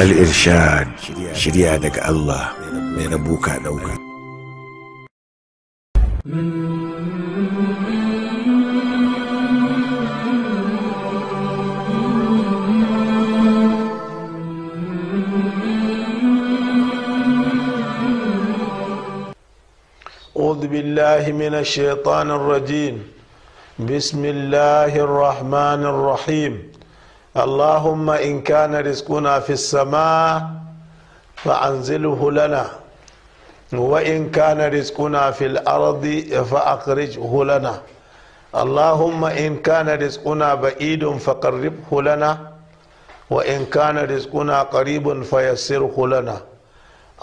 الإرشاد شريانك الله من أبوك دوك من الشيطان الرجيم بسم الله الرحمن الرحيم اللهم إن كان رزقنا في السماء فأنزله لنا وإن كان رزقنا في الأرض فأخرجه لنا اللهم إن كان رزقنا بعيد فقربه لنا وإن كان رزقنا قريب فيسره لنا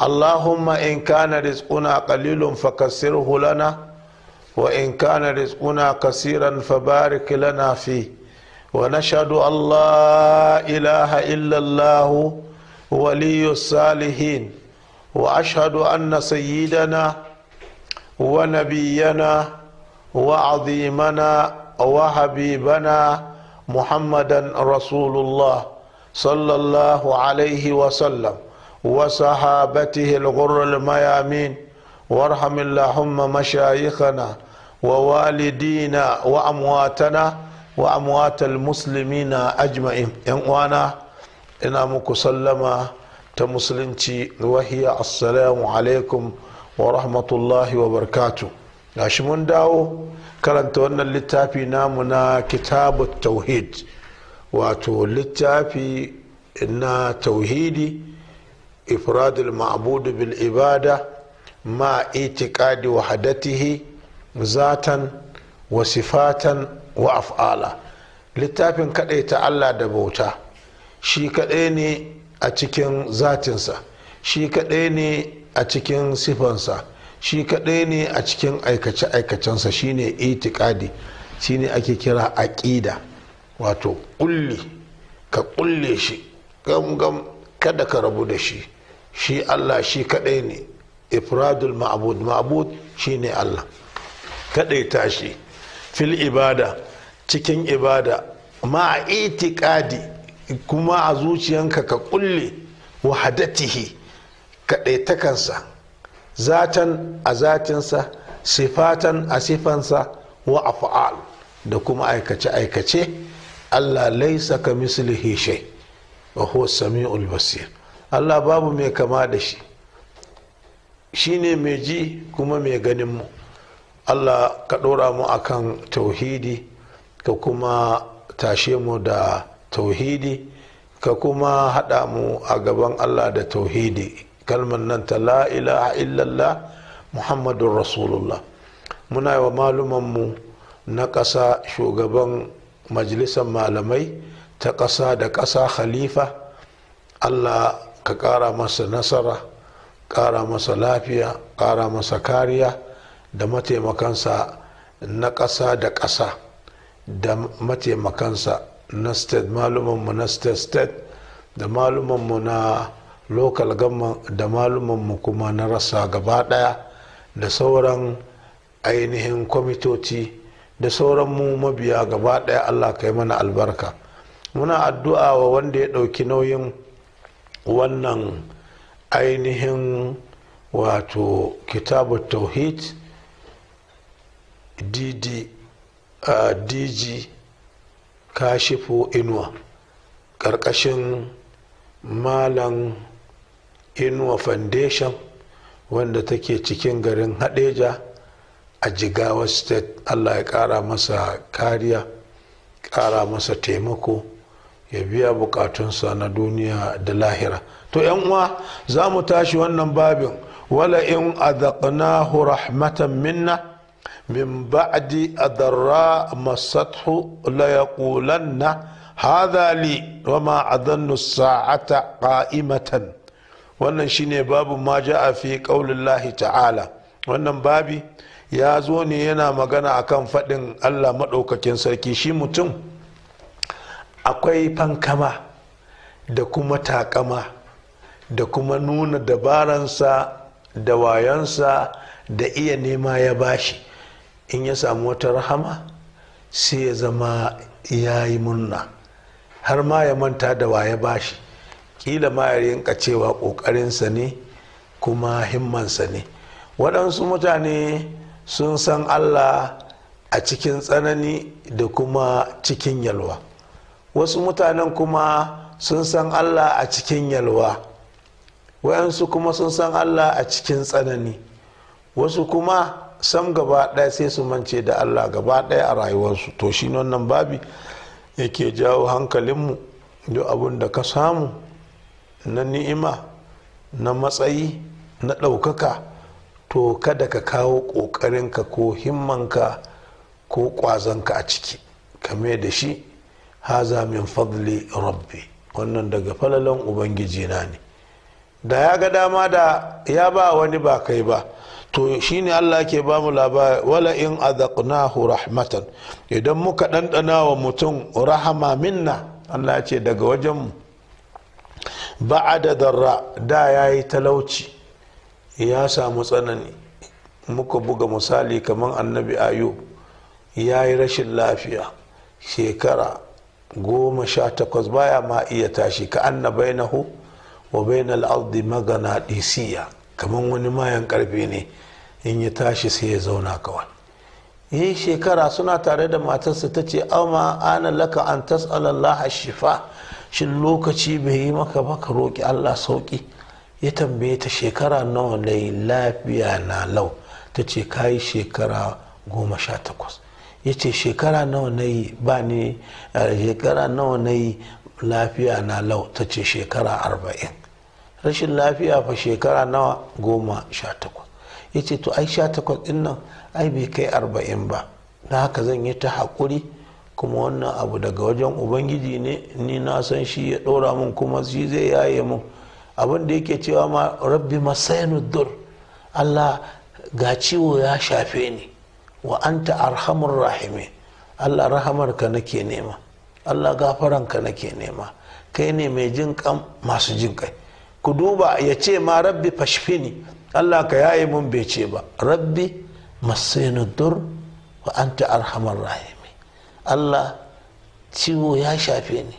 اللهم إن كان رزقنا قليل فكسره لنا وإن كان رزقنا كثيرا فبارك لنا فيه ونشهد أن لا إله إلا الله ولي الصالحين وأشهد أن سيدنا ونبينا وعظيمنا وحبيبنا محمدا رسول الله صلى الله عليه وسلم وصحابته الغر الميامين وارحم اللهم مشايخنا ووالدينا وأمواتنا وأموات المسلمين أجمعين ينوانا إنا مكسلما تمسلنتي وهي السلام عليكم ورحمة الله وبركاته gashi mun dawo karanta wannan littafi namu na kitabu tauhid wato littafi na tauhidi ifradul ma'budu bil ibada ma itiqadi wahadatihi zatan wa sifatan wa af'ala littafin ta allah da bauta shi kaɗai ne a cikin zatinsa shi kaɗai ne a cikin sifansa shi kaɗai ne a cikin aikace-aikacensa shine itikadi shine ake kira aƙida wato ƙulli ka ƙulle shi gam-gam kada ka rabu da shi shi allah shi kaɗai ne ifradul ma'abud ma'abud shine allah Kaɗai shi fil ibada cikin ibada ma a itikadi kuma a zuciyanka ka kulle wahadatihi kansa zatan a zatinsa sifatan a sifansa wa a fa'al da kuma aikace-aikace allah laisa ka mislihi shai wa huwa sami'ul basir allah babu mai kama da shi shine mai ji kuma mai ganin mu allah ka ɗora mu akan tauhidi ka kuma tashe mu da tauhidi ka kuma haɗa mu a gaban allah da tauhidi kalmar nan ta la ilaha illallah muhammadun rasulullah muna yi wa malumanmu na ƙasa shugaban majalisar malamai ta ƙasa da ƙasa khalifa allah ka ƙara masa nasara ƙara masa lafiya ƙara masa kariya da mataimakansa na ƙasa da ƙasa da mataimakansa na state malumanmu na state state da malumanmu na local government da malumanmu kuma na rasa gaba ɗaya da sauran ainihin kwamitoci da sauran mu mabiya gaba ɗaya allah kai mana albarka muna addu'a wa wanda ya ɗauki nauyin wannan ainihin wato kitabu tauhid dd a dg kashifo inuwa ƙarƙashin malam inuwa foundation wanda take cikin garin hadeja a jigawa state allah ya ƙara masa kariya ƙara masa taimako ya biya bukatunsa na duniya da lahira to yan uwa za mu tashi wannan babin wala in a rahmatan minna من بعد أضراء مسته ليقولن هذا لي وما أظن الساعة قائمة wannan shine babu ma ja'a fi ta'ala wannan babi ya zo ne yana magana akan faɗin Allah maɗaukakin sarki shi mutum akwai fankama da kuma takama da kuma nuna dabaransa da wayansa da iya nema ya bashi in ya samu wata rahama sai ya zama ya yi murna har ma ya manta da waye bashi kila ma ya rinka cewa kokarinsa ne kuma himmansa ne waɗansu mutane sun san allah a cikin tsanani da kuma cikin yalwa wasu mutanen kuma sun san allah a cikin yalwa waɗansu kuma sun san allah a cikin tsanani wasu kuma sam gaba ɗaya sai su mance da allah gaba ɗaya a rayuwarsu to shi wannan babi yake jawo hankalinmu duk abin da ka samu na ni'ima na matsayi na ɗaukaka to kada ka kawo ƙoƙarinka ko himmanka ko ƙwazonka a ciki kame da shi haza min fadli rabbi wannan daga falalan ubangiji na ne da ya ga dama da ya ba wani ba kai ba to shine Allah ke ba mu labari wala in azaqnahu rahmatan idan muka ɗanɗana wa mutum rahama minna Allah ce daga wajen mu ba'ada darra da yayi talauci ya samu tsanani muka buga misali kamar annabi ayub ya yi rashin lafiya shekara goma sha takwas baya ma iya tashi ka anna bainahu wa bainal ardi magana disiya kamar wani mayan karfe ne in ya tashi sai ya zauna kawai yi eh, shekara suna tare da matarsa ta ce amma ana laka an tas'alallaha shifa shin lokaci bai yi maka ba roƙi allah sauƙi ya tambaye ta shekara nawa na yi lafiya na lau ta ce ka yi shekara goma sha takwas ya ce shekara nawa na yi ba ni shekara nawa na yi lafiya na lau ta ce shekara arba'in rashin lafiya fa shekara nawa goma sha takwas ya ce to ai sha takwas din nan ai bai kai arba'in ba na haka zan yi ta haƙuri kuma wannan abu daga wajen ubangiji ne ni na san shi ya ɗora mun kuma shi zai yaye mun abin da yake cewa ma rabbi masainu dur allah ga ciwo ya shafe ni wa anta arhamur rahimi allah rahamarka nake nema allah gafaranka nake nema kai ne mai jin kan masu jin kai ku duba ya ce ma rabbi fashfini Allah ka yaye mun bai ce ba rabbi masainu dur wa anta arhamar rahimi Allah ciwo ya shafe ni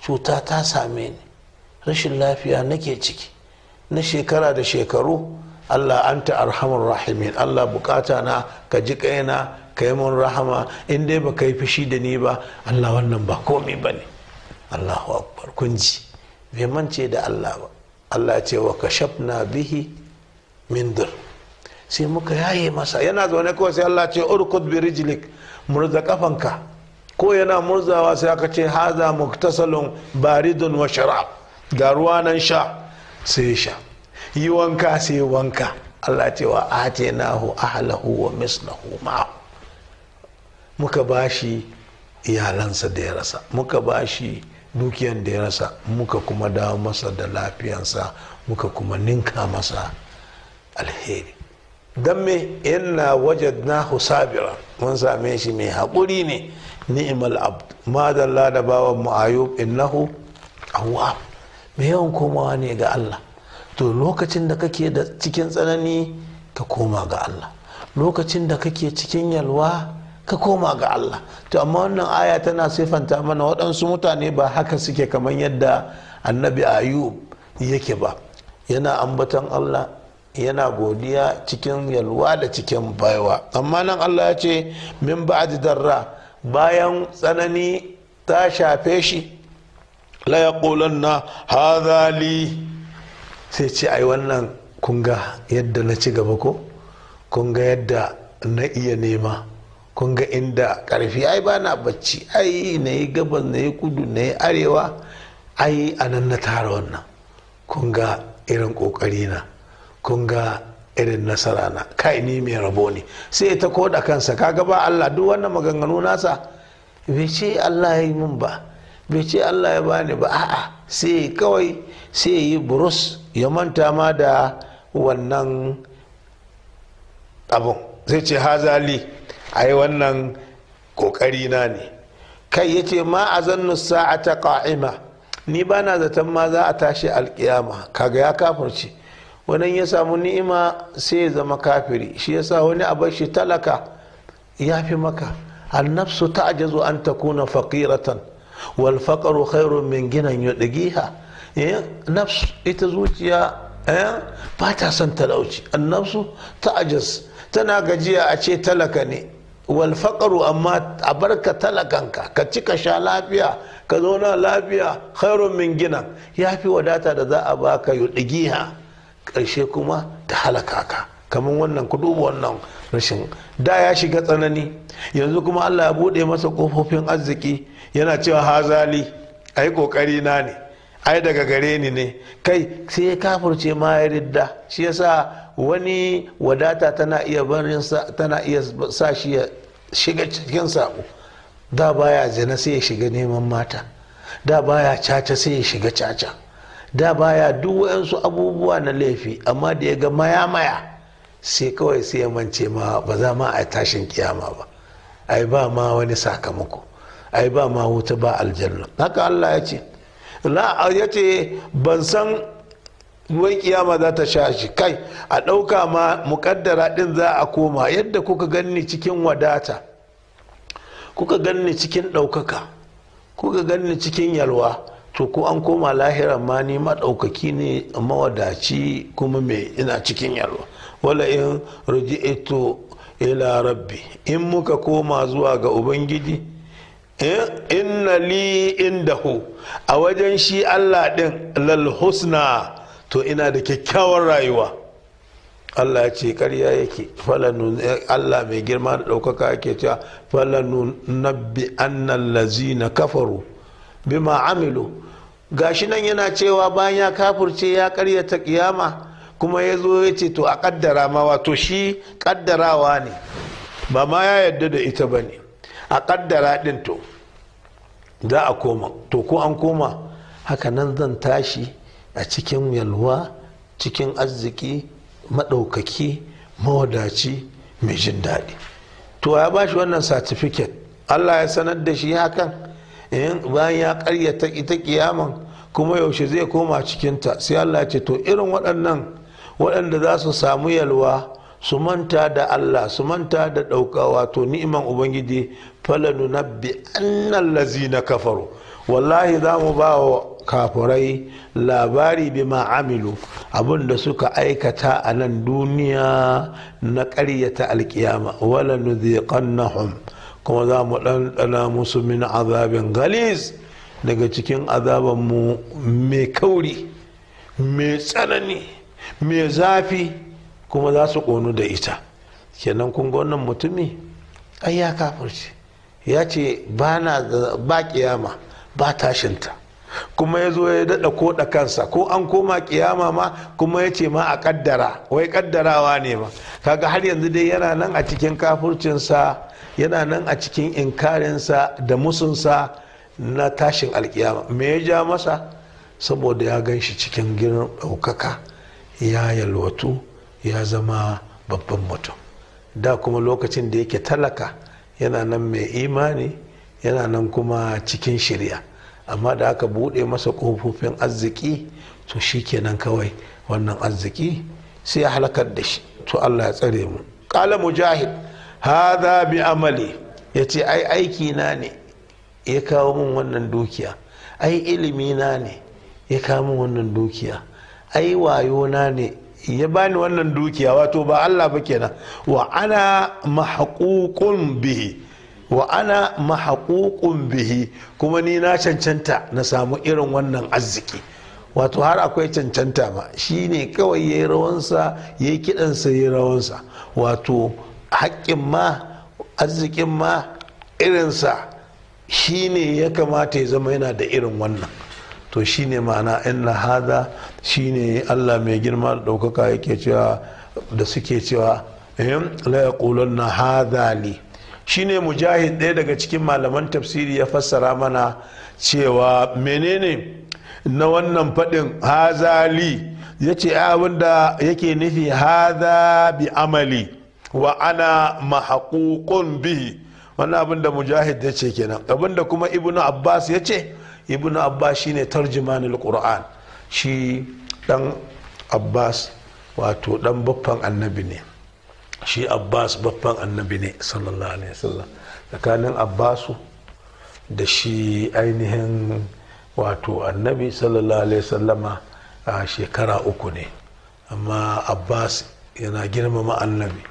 cuta ta same ni rashin lafiya nake ciki na shekara da shekaru Allah anta arhamar rahimin Allah bukata na ka ji kaina ka yi mun rahama in dai ba ka yi fushi da ni ba Allah wannan ba komi ba ne Allahu akbar kun bai mance da Allah ba Allah ce wa kashafna bihi mindir sai muka yaye masa yana zaune kawai sai Allah ce urkud bi rijlik murza kafanka ko yana murzawa sai aka ce haza muktasalun baridun wa sharab ga ruwa nan sha sai sha yi wanka sai wanka Allah ce wa atainahu ahlahu wa mislahu ma muka bashi iyalansa da ya rasa muka bashi dukiyan da ya rasa muka kuma dawo masa da lafiyansa muka kuma ninka masa alheri don me waje wajadnahu sabira mun same shi mai haƙuri ne ni'mal abd madalla da bawan mu ayub innahu awwab mai yawan komawa ne ga Allah to lokacin da kake da cikin tsanani ka koma ga Allah lokacin da kake cikin yalwa ka koma ga Allah to amma wannan aya tana sifanta mana waɗansu mutane ba haka suke kamar yadda annabi ayub yake ba yana ambatan Allah yana godiya cikin yalwa da cikin baiwa amma nan allah ya ce min ba'di darra bayan tsanani ta shafe shi la na, na li sai ce ai wannan kunga yadda na ci gaba ko kunga yadda na iya nema kun ga inda karfi ai ba na bacci ai na yi gabas na yi kudu na yi arewa ai a nan na tara wannan kun ga irin kokari na kun ga irin nasara na kai ni mai rabo ne sai ta koda kansa kaga ba Allah duk wannan maganganu nasa bai ce Allah ya yi min ba bai ce Allah ya bani ba a'a sai kawai sai yi burus ya manta ma da wannan abun zai ce hazali a yi wannan kokari na ne kai ya ce ma a zannu sa'ata ƙa'ima ni bana zaton ma za a tashi alƙiyama kaga ya kafarci wani ya samu ni'ima sai ya zama kafiri shi ya sa wani a shi talaka ya fi maka ta ajazu an ta kuna faƙiratan wal faƙaru khairun min ginan yudgiha eh, nafsu ita zuciya eh, ba ta son talauci ta ajaz tana gajiya a ce talaka ne wal faƙaru amma a barka talakanka ka ci ka sha lafiya ka zauna lafiya khairun min ginan fi wadata da za a baka ɗigiha Karshe kuma ta halaka ka kamar wannan ku duba wannan rashin da ya shiga tsanani yanzu kuma allah ya buɗe masa ƙofofin arziki yana cewa hazali ai ƙoƙari na ne ai daga gare ni ne kai sai ya kafurce ma ya ridda shi yasa wani wadata tana iya barin tana iya sa shi ya shiga cikin sabo da baya zina sai ya shiga neman mata da baya caca sai ya shiga caca da baya duk wayansu abubuwa na laifi amma da ya ga maya maya sai kawai sai ya mance ma ba za ma a tashin kiyama ba ai ba ma wani sakamako ai ba ma wuta ba aljanna haka Allah ya ce la ya ce ban san ruwan kiyama za ta sha shi kai a ɗauka ma mukaddara ɗin za a koma yadda kuka ganni cikin wadata kuka ganni cikin ɗaukaka kuka ganni cikin yalwa to ko an koma lahiran ma ni maɗaukaki ne mawadaci kuma mai ina cikin yalwa wala in ito ila rabbi in muka koma zuwa ga ubangiji eh, inna li indahu a wajen shi Allah din lal husna to ina da kyakkyawar rayuwa Allah ya ce karya yake Allah mai girma da ɗaukaka yake cewa falanu nabbi annal lazina kafaru bima amilu gashi nan yana cewa bayan ya kafurce ya karyata kiyama kuma ya zo ya ce to a kaddara ma wato shi kaddarawa ne ba ma ya yadda da ita ba ne a kaddara din to za a koma to ko an koma haka nan zan tashi a cikin yalwa cikin arziki maɗaukaki mawadaci mai jin daɗi to ya ba shi wannan satifiket allah ya sanar da shi hakan bayan ya karyata ita kiyaman kuma yaushe zai koma cikinta sai Allah ce to irin waɗannan waɗanda za su samu yalwa su manta da Allah su manta da ɗauka wato ni'iman ubangiji falanu nabbi lazi na kafaru wallahi za mu ba wa kafurai labari bi ma'amilu abinda suka aikata a nan duniya na ƙaryata alkiyama wala hun kuma za mu ɗanɗana musu min azabin galis daga cikin azabanmu mai kauri mai tsanani mai zafi kuma za su ƙonu da ita kenan kun ga wannan mutumi ai ya kafirce ya ce ba na ba kiyama ba tashinta kuma ya zo ya daɗa da kansa ko an koma kiyama ma kuma ya ce ma a ƙaddara wai ƙaddarawa ne ma kaga har yanzu dai yana nan a cikin kafurcinsa yana nan a cikin inkarinsa da musunsa na tashin alkiyama me ya ja masa saboda ya gan shi cikin girin ɗaukaka ya yalwatu ya zama babban mutum da kuma lokacin da yake talaka yana nan mai imani yana nan kuma cikin shirya amma da aka buɗe masa ƙofofin arziki to shi kenan kawai wannan arziki sai ya halakar da shi to allah ya tsare mu ƙala mujahid hadha bi amali ya ce ai aiki na ne ya kawo min wannan dukiya ai ilimi na ne ya kawo min wannan dukiya ai wayo na ne ya bani wannan dukiya wato ba Allah ba kenan wa ana mahququn bihi wa ana bihi kuma ni na cancanta na samu irin wannan arziki wato har akwai cancanta ma shine kawai yayi rawansa yayi kidansa yayi rawansa wato haƙƙin ma arzikin ma irinsa shi ne ya kamata ya zama yana da irin wannan to shi ne ma'ana inna haza shi ne allah mai girma da ɗaukaka yake cewa da suke cewa ehm, la yaqulan na haza li shi ne mujahid ɗaya daga cikin malaman tafsiri ya fassara mana cewa menene na wannan faɗin hazali ya ce abinda yake nufi haza bi amali wa ana mahaƙuƙun bihi wani abin da mujahid ya ce kenan abin da kuma ibnu abbas ya ce ibnu abbas shine tarjimanul qur'an shi dan abbas wato dan baffan annabi ne shi abbas baffan annabi ne sallallahu alaihi wasallam tsakanin abbasu da shi ainihin wato annabi sallallahu alaihi wasallama a shekara uku ne amma abbas yana girmama annabi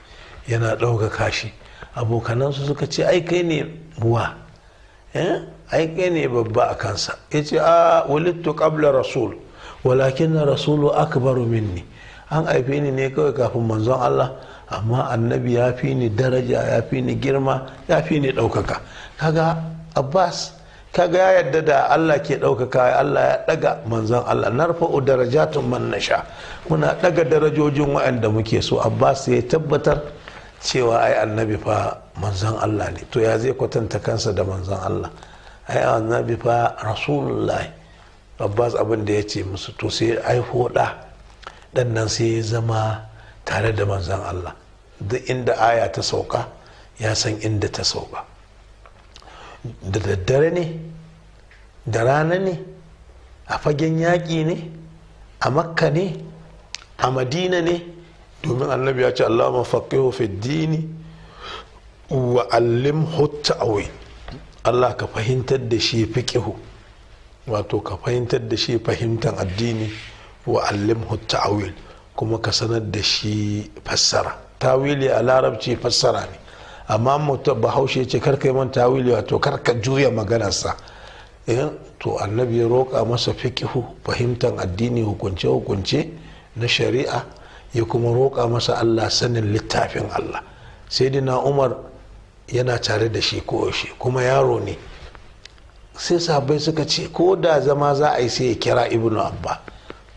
yana ɗaukaka shi abokanansu suka ce ai kai ne buwa eh? ai kai ne babba a kansa ya ce a walittu qabla rasul walakin na rasulu akbaru minni an haife ni ne kawai kafin manzon Allah amma annabi ya fi ni daraja ya fi ni girma ya fi ni ɗaukaka kaga abbas kaga ya yadda da Allah ke ɗaukaka Allah ya ɗaga manzon Allah narfa'u darajatun man nasha muna ɗaga darajojin waɗanda muke so Abbas ya tabbatar cewa ai annabi fa manzon Allah ne to ya zai kwatanta kansa da manzon Allah ai annabi fa rasulullahi abbas abin da ya ce musu to sai ai hoda. dan nan sai ya zama tare da manzon Allah duk inda aya ta sauka ya san inda ta sauka da daddare ne da rana ne a fagen yaƙi ne a makka ne a madina ne domin annabi ya ce allama faqihu fi dini wa allim ta'wil Allah ka fahimtar da shi fiƙihu wato ka fahimtar da shi fahimtar addini wa allim ta'wil kuma ka sanar da shi fassara tawili a larabci fassara ne amma mutum bahaushe ce karka yi man tawili wato karka juya maganarsa eh, to annabi ya roƙa masa fiƙihu fahimtar addini hukunce hukunce na shari'a ya kuma roƙa masa allah sanin littafin allah sai dina umar yana tare da shi shi kuma yaro ne sai sabai suka ce ko da zama za a yi sai ya kira ibnu abba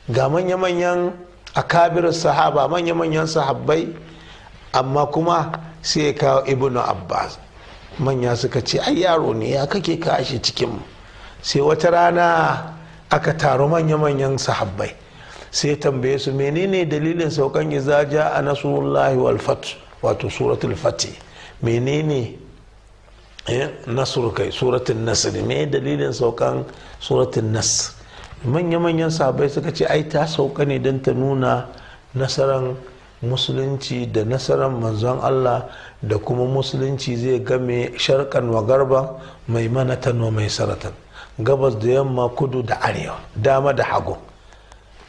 ga manya-manyan akabir sahaba manya-manyan sahabbai amma kuma sai ya kawo ibnu abbas manya suka ce ai yaro ne ya kake kashi cikin sai wata rana aka taru manya-manyan sahabbai sai tambaye su menene dalilin saukan izaja a nasrullahi wal wato suratul fati menene eh, nasur kai suratul nasr me dalilin saukan suratul nasr manya-manyan sabai suka ce ai ta sauka ne don ta nuna nasarar musulunci da nasarar manzon Allah da kuma musulunci zai game sharkan wa garban mai manatan wa mai saratan gabas da yamma kudu da arewa dama da hagu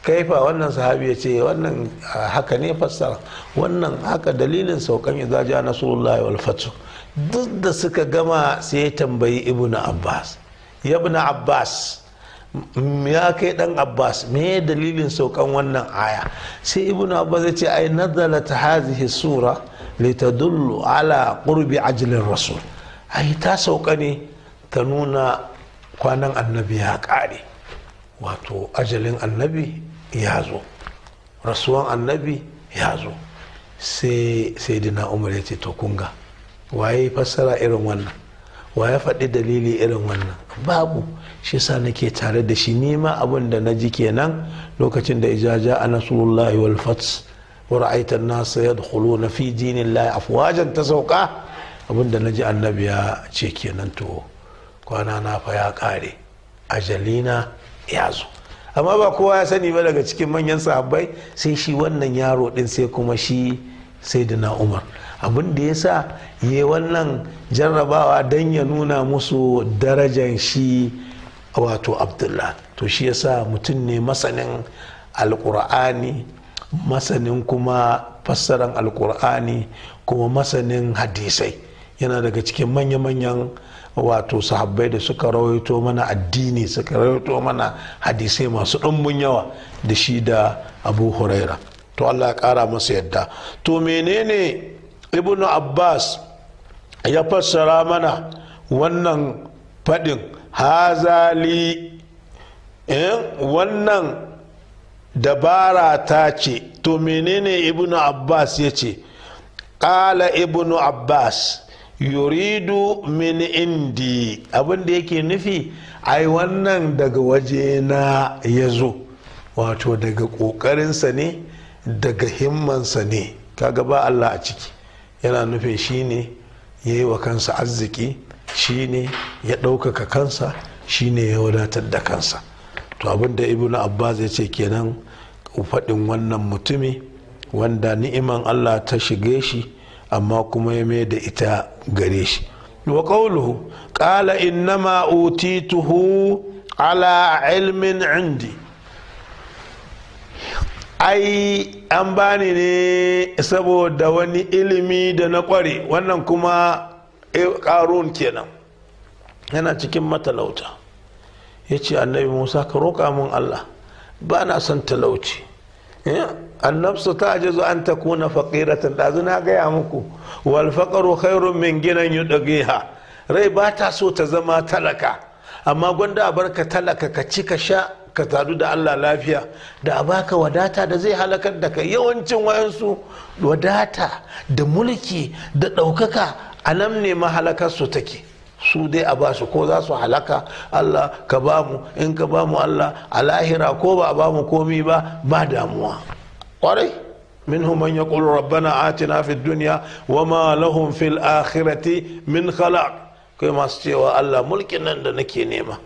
kaifa wannan sahabi ya ce wannan haka ne fassara wannan haka dalilin saukan idza ja nasrullahi wal fath duk da suka gama sai ya tambayi ibnu abbas ibnu abbas ya kai dan abbas me dalilin saukan wannan aya sai ibnu abbas ya ce ai nazalat hadhihi sura litadullu ala qurbi ajlin rasul ai ta sauka ne ta nuna kwanan annabi ya kare wato ajalin annabi ya zo rasuwan annabi ya zo sai saidina umar ya ce to kunga waye fassara irin wannan waye faɗi dalili irin wannan babu shi sa nake tare da shi nima abin da na ji kenan lokacin da ijaja a nasulullahi wal fats wa ra'aita nasa yadkhuluna fi dinillahi afwajan ta sauka abin da na ji annabi ya ce kenan to kwana na fa ya kare ajalina ya zo amma ba kowa ya sani ba daga cikin manyan sahabbai sai shi wannan yaro din sai kuma shi sai da na umar abin da ya sa yi wannan jarrabawa don ya nuna musu darajan shi wato abdullah to shi ya sa mutum ne masanin alkur'ani masanin kuma fassaran alkur'ani kuma masanin hadisai yana daga cikin manya-manyan wato sahabbai da suka rawaito mana addini suka rawaito mana hadisai masu ɗumbin yawa da shi da abu huraira to allah ya ƙara masa yadda to menene ibnu abbas ya fassara mana wannan faɗin hazali eh, wannan dabara ta ce to menene ibnu abbas ya ce ƙala ibnu abbas yuridu min indi abin da yake nufi ai wannan daga waje na ya zo wato daga ƙoƙarinsa ne daga himmansa ne kaga ba Allah a ciki yana nufin shi ne ya yi wa kansa arziki shi ne ya ɗaukaka kansa shi ne ya wadatar da kansa to abin da ibn abbas ya ce kenan faɗin wannan mutumi wanda ni'iman Allah ta shige shi amma kuma ya mai da ita gare shi wa in qala innama utituhu ala ilmin indi ai an bani ne saboda wani ilimi da na ƙware wannan kuma ƙarun eh, kenan yana cikin matalauta ya ce annabi musa ka roƙa mun allah ba na son talauci eh? annafsu ta ji an ta kuna faƙiratin ɗazu na gaya muku wal faƙaru min ginan yi rai ba ta so ta zama talaka amma gwanda a bar ka talaka ka ci ka sha ka sadu da allah lafiya da a baka wadata da zai halakar da ka yawancin wayansu wadata da mulki da ɗaukaka a nan ne mahalakarsu take su dai a basu ko za su halaka allah ka bamu in ka bamu allah a lahira ko ba a bamu komi ba ba damuwa kwarai منهم من na fi duniya, wa ma وما fil في min من خلاق masu cewa Allah mulkin nan da nake nema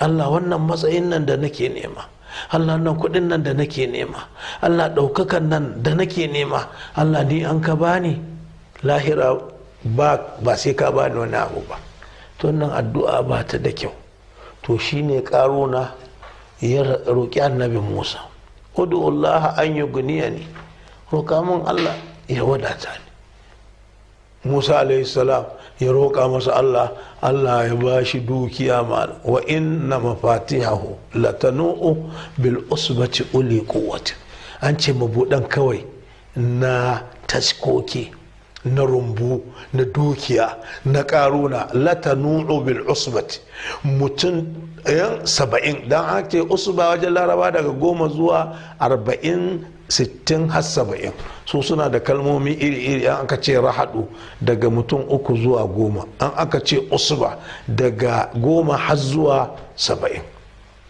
Allah wannan matsayin nan da nake nema Allah nan kudin nan da nake nema Allah ɗaukakan nan da nake nema Allah ni an ka bani lahira ba ba sai ka bani wani abu ba to nan addu'a ba ta da kyau to shine na ya roki annabi Musa udu'ullaha an ne roƙa min Allah ya wadata ne. Musa alayhi salam ya roƙa masa Allah Allah ya ba shi dukiya ma wa inna mafatihahu latanu'u bil usbati uli quwwati an ce mabudan kawai na taskoke na rumbu na dukiya na karuna latanu'u bil usbat mutum yan eh, saba'in don ake usba wajen laraba daga goma zuwa arba'in sittin har saba'in su suna da kalmomi iri-iri an aka ce rahadu daga mutum uku zuwa goma an aka ce usba daga goma har zuwa saba'in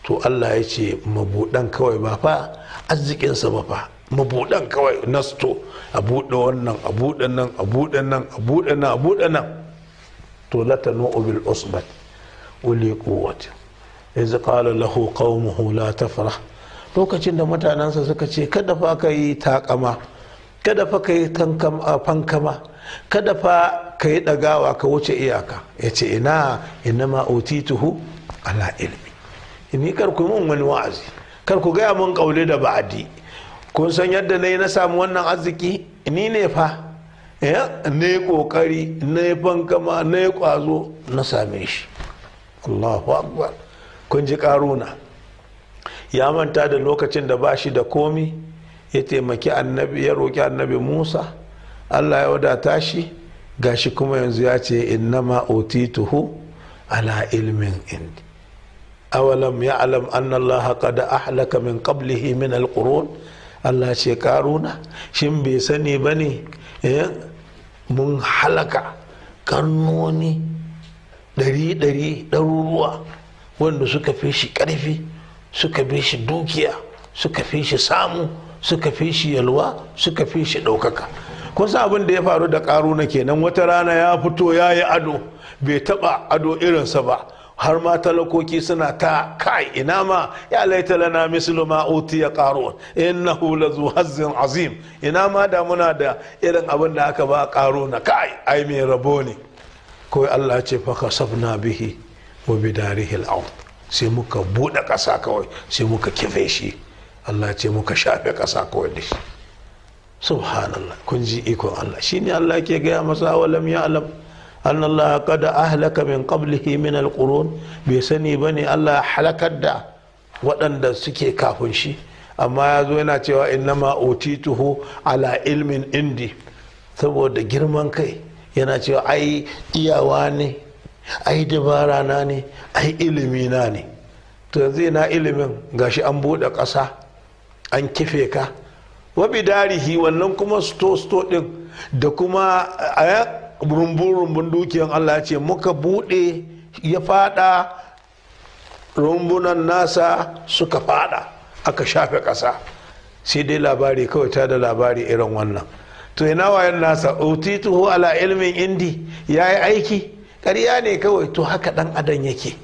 to allah ya ce mabuɗan kawai ba fa arzikinsa ba fa mabuɗan kawai nasto sto a buɗe wannan a buɗe nan a buɗe nan a buɗe nan a buɗe nan to lata tanu'u bil usbat uli quwwati iz qala lahu qawmuhu la tafra lokacin da mutanensa suka ce kada fa ka yi takama kada fa ka yi fankama kada fa ka yi ɗagawa ka wuce iyaka yace ce ina ina ma tuhu ala ilmi ni kar ku mun wani wa'azi kar ku gaya mun kaule da ba'adi kun san yadda na yi na samu wannan arziki ni ne fa eh, na yi kokari na yi fankama na yi kwazo na same shi allahu akbar kun ji karuna ya manta da lokacin da ba shi da komi ya taimaki annabi ya roƙi annabi musa allah ya wadata shi gashi kuma yanzu ya ce inna ma otituhu ala ilmin indi awalam ya alam annallaha qad ahlaka min qablihi min alqurun Allah ce karuna shin bai sani ba ne eh, mun halaka karnoni ɗari-ɗari ɗaruruwa wanda suka fi shi ƙarfi suka fi shi dukiya suka fi shi samu suka fi shi yalwa suka fi shi ɗaukaka kusa abin da ya faru da ƙaruna kenan wata rana ya fito ya yi ado bai taɓa ado irinsa ba har ma talakoki suna ta kai ina ma ya laita lana mislu ma utiya qarun innahu lazu hazzin azim ina ma da muna da irin abin da aka ba na kai ai mai rabo ne ko Allah ce fa kasabna bihi wa bidarihi al-ard sai muka bude kasa kawai sai muka kife shi Allah ce muka shafe kasa kawai da shi subhanallah kun ji ikon Allah shine Allah ke gaya masa walam ya an lalawa kada a halaƙa min ƙaunifi min alƙururu bai sani ba ne Allah ɗa halaƙa da waɗanda suke kafin shi amma yazo yana cewa in na ma'auti tuho a ilmin indi saboda girman kai yana cewa ai iyawa ne ai dabarana ne ai ilimin na ne tun zai na ilimin gashi an buɗe ƙasa an kife ka wani darihin wannan kuma suto suto ɗin da kuma eh, rumbun-rumbun dukiyan Allah ce muka buɗe ya fada rumbunan nasa suka fada aka shafe ƙasa sai dai labari kawai ta da labari irin wannan to ina wayan nasa utituhu ala ilmin indi ya yi aiki ƙarya ne kawai to haka ɗan adam yake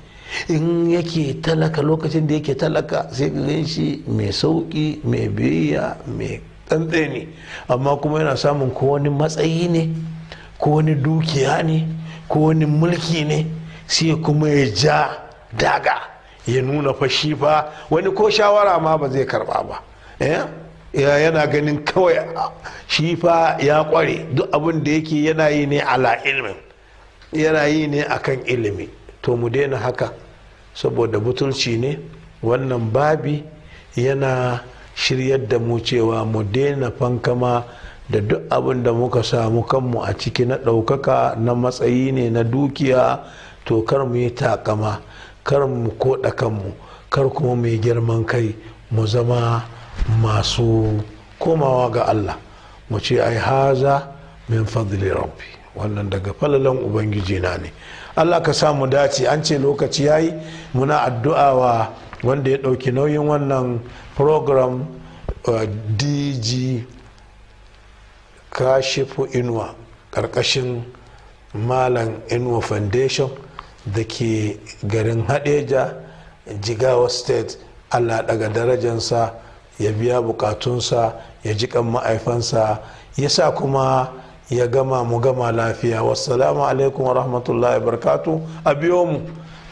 in yake talaka lokacin da yake talaka sai gan shi mai sauƙi mai biyayya mai ɗanɗani. amma kuma yana samun ko wani matsayi ne ko wani dukiya ne ko wani mulki ne sai kuma ya ja daga ya nuna fashi fa wani ko shawara ma ba zai karba ba eh? yana ganin kawai shifa ya kware duk abin da yake yana yi ne ala ilmin yana yi ne a kan ilimi to mu daina haka saboda butulci ne wannan babi yana shiryar da mu cewa mu daina fankama da duk abin da muka samu kanmu a ciki na ɗaukaka na matsayi ne na dukiya to kar mu yi takama kar mu koɗa kanmu kar kuma mu girman kai mu zama masu komawa ga Allah mu ce ai haza min fadli rabbi wannan daga falalan ubangiji na ne allah ka samu dace an ce lokaci yayi muna addu'a wa wanda ya ɗauki nauyin wannan program uh, dg kashifu inuwa karkashin malam inuwa foundation da ke garin hadeja jigawa state allah daga darajansa ya biya bukatunsa ya ji kan ma'aifansa ya sa kuma ya gama mu gama lafiya wasalamu alaikum wa rahmatullahi barkatu a biyo mu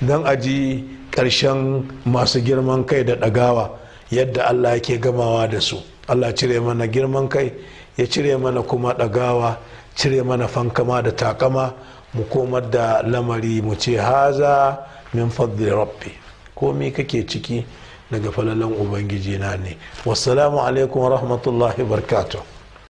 don a ji karshen masu girman kai da dagawa yadda allah yake gamawa da su allah cire mana girman kai ya cire mana kuma ɗagawa cire mana fankama da takama mu komar da lamari mu ce haza min fadli rabbi komi kake ciki daga falalan ubangiji na ne wassalamu alaikum rahmatullahi barkatu